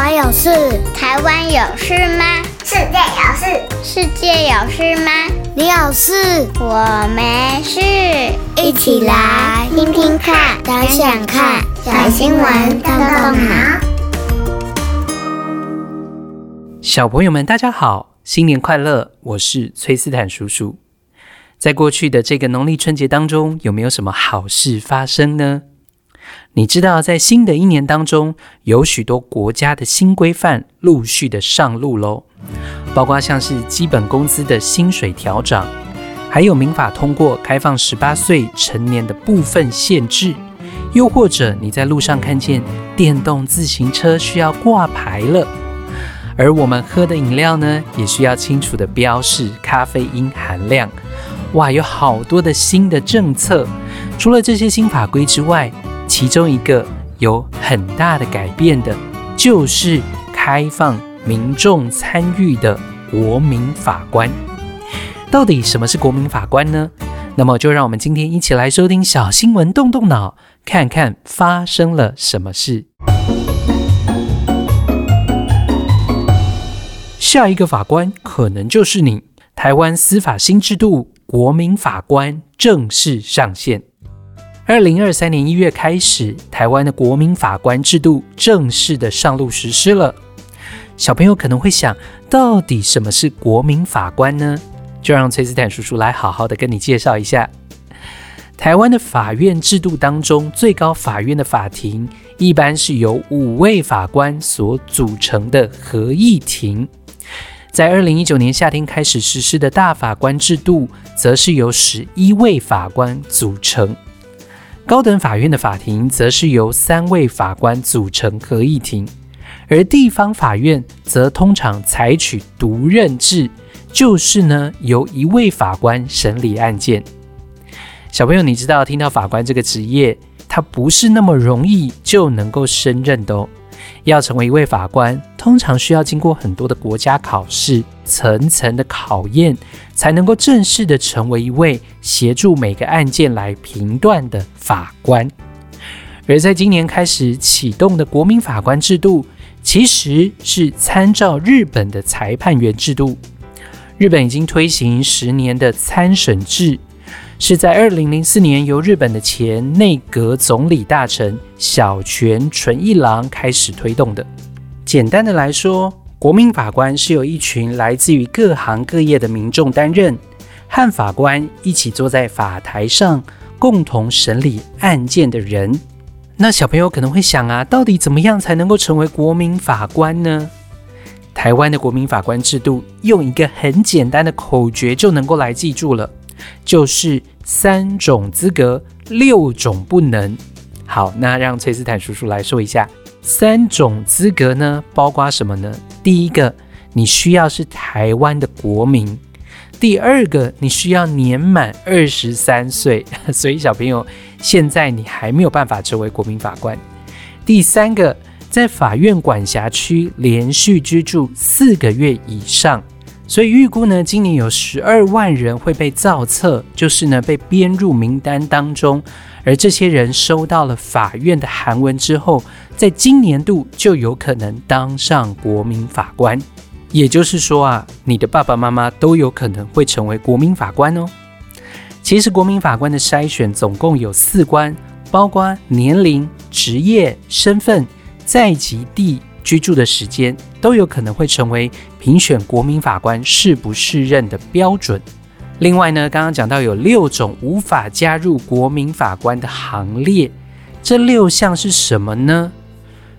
我有事，台灣有事嗎？世界有事，世界有事嗎？你有事，我沒事。一起來聽聽看，想想看，看，看，小新聞動動腦。小朋友們，大家好，新年快樂！我是崔斯坦叔叔。在過去的這個農曆春節當中，有沒有什麼好事發生呢？你知道，在新的一年當中，有許多國家的新規範陸續的上路嘍，包括像是基本工資的薪水調整，還有民法通過開放十八歲成年的部分限制，又或者你在路上看見電動自行車需要掛牌了，而我們喝的飲料呢，也需要清楚的標示咖啡因含量。哇，有好多的新的政策。除了這些新法規之外，其中一個有很大的改變的，就是開放民眾參與的國民法官。到底什麼是國民法官呢？那麼，就讓我們今天一起來收聽小新聞，動動腦，看看發生了什麼事。下一個法官可能就是你。台灣司法新制度，國民法官正式上線。二零二三年一月開始，台灣的國民法官制度正式的上路實施了。小朋友可能會想，到底什麼是國民法官呢？就讓崔斯坦叔叔來好好的跟你介紹一下。台灣的法院制度當中，最高法院的法庭一般是由五位法官所組成的合議庭。在二零一九年夏天開始實施的大法官制度，則是由十一位法官組成。高等法院的法庭則是由三位法官組成合議庭，而地方法院則通常採取獨任制，就是呢，由一位法官審理案件。小朋友，你知道聽到法官這個職業，他不是那麼容易就能夠勝任的哦。要成為一位法官，通常需要經過很多的國家考試層層的考驗，才能夠正式的成為一位協助每個案件來評斷的法官。而在今年開始啟動的國民法官制度，其實是參照日本的裁判員制度。日本已經推行十年的參審制，是在二零零四年由日本的前內閣總理大臣小泉純一郎開始推動的。簡單的來說，國民法官是由一群來自於各行各業的民眾擔任，和法官一起坐在法台上共同審理案件的人。那小朋友可能會想啊，到底怎麼樣才能夠成為國民法官呢？台灣的國民法官制度用一個很簡單的口訣就能夠來記住了，就是三種資格，六種不能。好，那讓崔斯坦叔叔來說一下。三種資格呢，包括什麼呢？第一個，你需要是台灣的國民；第二個，你需要年滿二十三歲，所以小朋友現在你還沒有辦法成為國民法官；第三個，在法院管轄區連續居住四個月以上。所以預估呢，今年有十二萬人會被造冊，就是呢被編入名單當中。而這些人收到了法院的函文之後，在今年度就有可能當上國民法官。也就是說啊，你的爸爸媽媽都有可能會成為國民法官哦。其實，國民法官的篩選總共有四關，包括年齡、職業、身份、在籍地居住的時間，都有可能會成為評選國民法官適不適任的標準。另外呢，剛剛講到有六種無法加入國民法官的行列，這六項是什麼呢？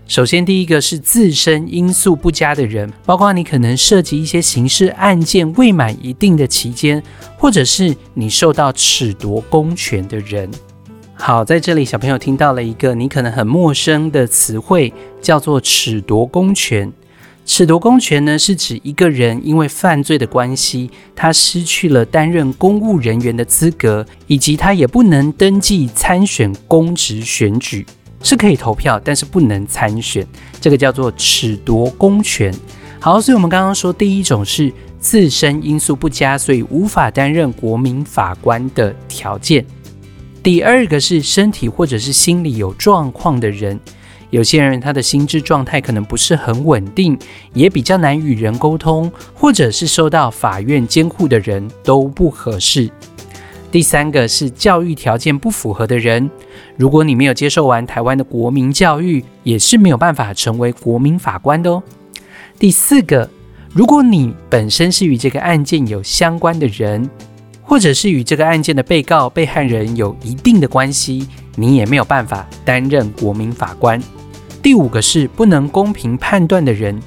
首先第一個是自身因素不佳的人，包括你可能涉及一些刑事案件未滿一定的期間，或者是你受到褫奪公權的人。好，在這裡小朋友聽到了一個你可能很陌生的詞彙，叫做褫奪公權。褫奪公權呢，是指一個人因為犯罪的關係，他失去了擔任公務人員的資格，以及他也不能登記參選公職選舉，是可以投票，但是不能參選。這個叫做褫奪公權。好，所以我們剛剛說，第一種是自身因素不佳，所以無法擔任國民法官的條件；第二個是身體或者是心理有狀況的人。有些人他的心智狀態可能不是很穩定，也比較難與人溝通，或者是受到法院監護的人都不合適。第三個是教育條件不符合的人，如果你沒有接受完台灣的國民教育，也是沒有辦法成為國民法官的哦。第四個，如果你本身是與這個案件有相關的人。或者是與這個案件的被告、被害人有一定的關係，你也沒有辦法擔任國民法官。第五個是不能公平判斷的人，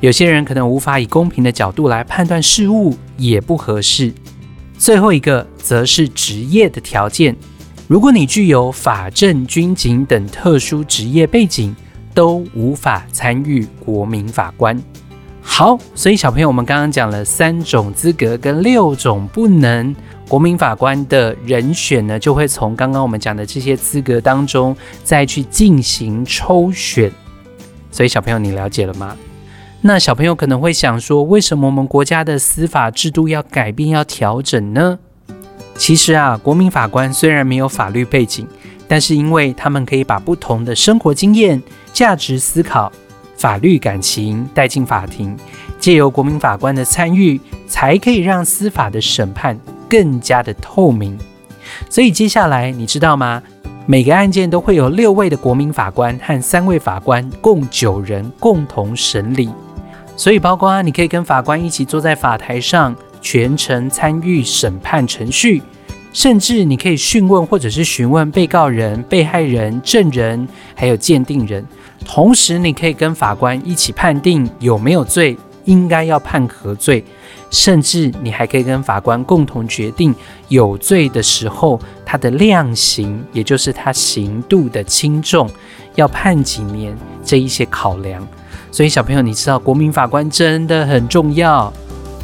有些人可能無法以公平的角度來判斷事物，也不合適。最後一個則是職業的條件，如果你具有法政、軍警等特殊職業背景，都無法參與國民法官。好，所以小朋友，我們剛剛講了三種資格跟六種不能，國民法官的人選呢，就會從剛剛我們講的這些資格當中再去進行抽選。所以小朋友，你了解了嗎？那小朋友可能會想說，為什麼我們國家的司法制度要改變、要調整呢？其實啊，國民法官雖然沒有法律背景，但是因為他們可以把不同的生活經驗、價值思考。法律感情帶進法庭，借由國民法官的參與，才可以讓司法的審判更加的透明。所以接下來你知道嗎？每個案件都會有六位的國民法官和三位法官，共九人共同審理。所以包括你可以跟法官一起坐在法台上，全程參與審判程序，甚至你可以訊問或者是詢問被告人、被害人、證人還有鑑定人。同時，你可以跟法官一起判定有沒有罪，應該要判何罪，甚至你還可以跟法官共同決定有罪的時候他的量刑，也就是他刑度的輕重，要判幾年這一些考量。所以，小朋友，你知道國民法官真的很重要。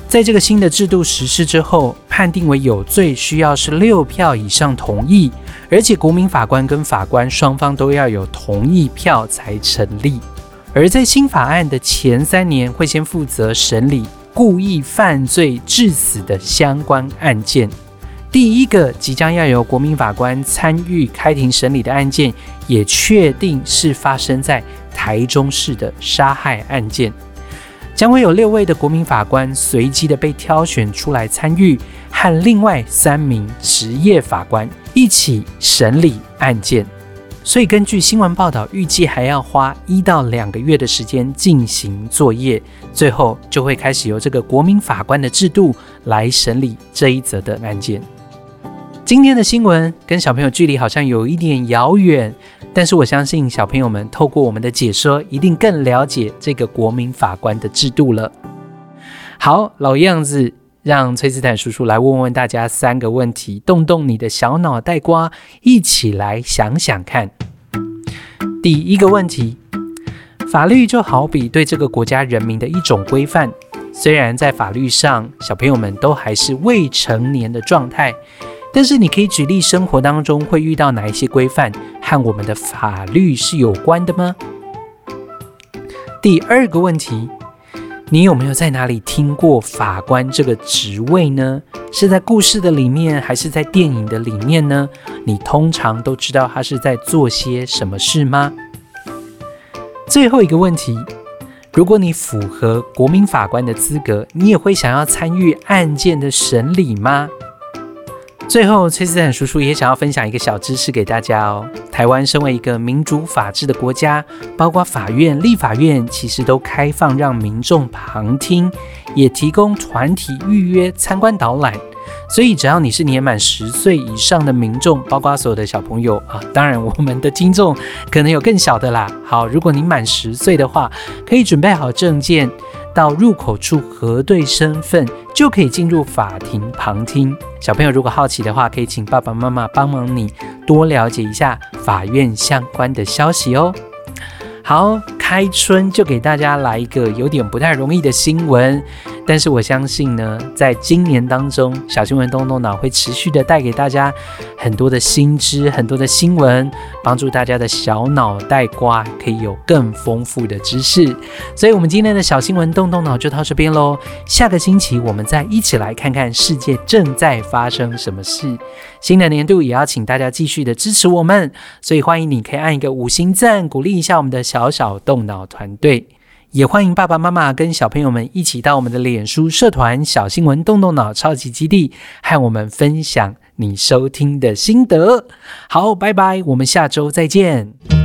在這個新的制度實施之後，判定為有罪需要是六票以上同意，而且國民法官跟法官雙方都要有同意票才成立。而在新法案的前三年，會先負責審理故意犯罪致死的相關案件。第一個即將要由國民法官參與開庭審理的案件，也確定是發生在台中市的殺害案件。將會有六位的國民法官隨機的被挑選出來參與，和另外三名職業法官一起審理案件。所以根據新聞報道，預計還要花一到兩個月的時間進行作業，最後就會開始由這個國民法官的制度來審理這一則的案件。今天的新聞跟小朋友距離好像有一點遙遠。但是我相信小朋友們透過我們的解說，一定更了解這個國民法官的制度了。好，老樣子，讓崔斯坦叔叔來問問大家三個問題，動動你的小腦袋瓜，一起來想想看。第一個問題：法律就好比對這個國家人民的一種規範。雖然在法律上，小朋友們都還是未成年的狀態，但是你可以舉例生活當中會遇到哪一些規範？和我們的法律是有關的嗎？第二個問題，你有沒有在哪裡聽過法官這個職位呢？是在故事的裡面，還是在電影的裡面呢？你通常都知道他是在做些什麼事嗎？最後一個問題，如果你符合國民法官的資格，你也會想要參與案件的審理嗎？最後，崔斯坦叔叔也想要分享一個小知識給大家哦。台灣身為一個民主法治的國家，包括法院、立法院其實都開放讓民眾旁聽，也提供團體預約參觀導覽。所以，只要你是年滿十歲以上的民眾，包括所有的小朋友啊，當然我們的聽眾可能有更小的啦。好，如果你滿十歲的話，可以準備好證件。到入口處核對身份，就可以進入法庭旁聽。小朋友如果好奇的話，可以請爸爸媽媽幫忙你多了解一下法院相關的消息哦。好，開春就給大家來一個有點不太容易的新聞。但是我相信呢，在今年當中，小新聞動動腦會持續的帶給大家很多的新知、很多的新聞，幫助大家的小腦袋瓜可以有更豐富的知識。所以，我們今天的小新聞動動腦就到這邊嘍。下個星期我們再一起來看看世界正在發生什麼事。新的年度也要請大家繼續的支持我們，所以歡迎你可以按一個五星讚鼓勵一下我們的小小動腦團隊。也歡迎爸爸媽媽跟小朋友們一起到我們的臉書社團“小新聞動動腦超級基地”和我們分享你收聽的心得。好，拜拜，我們下周再見。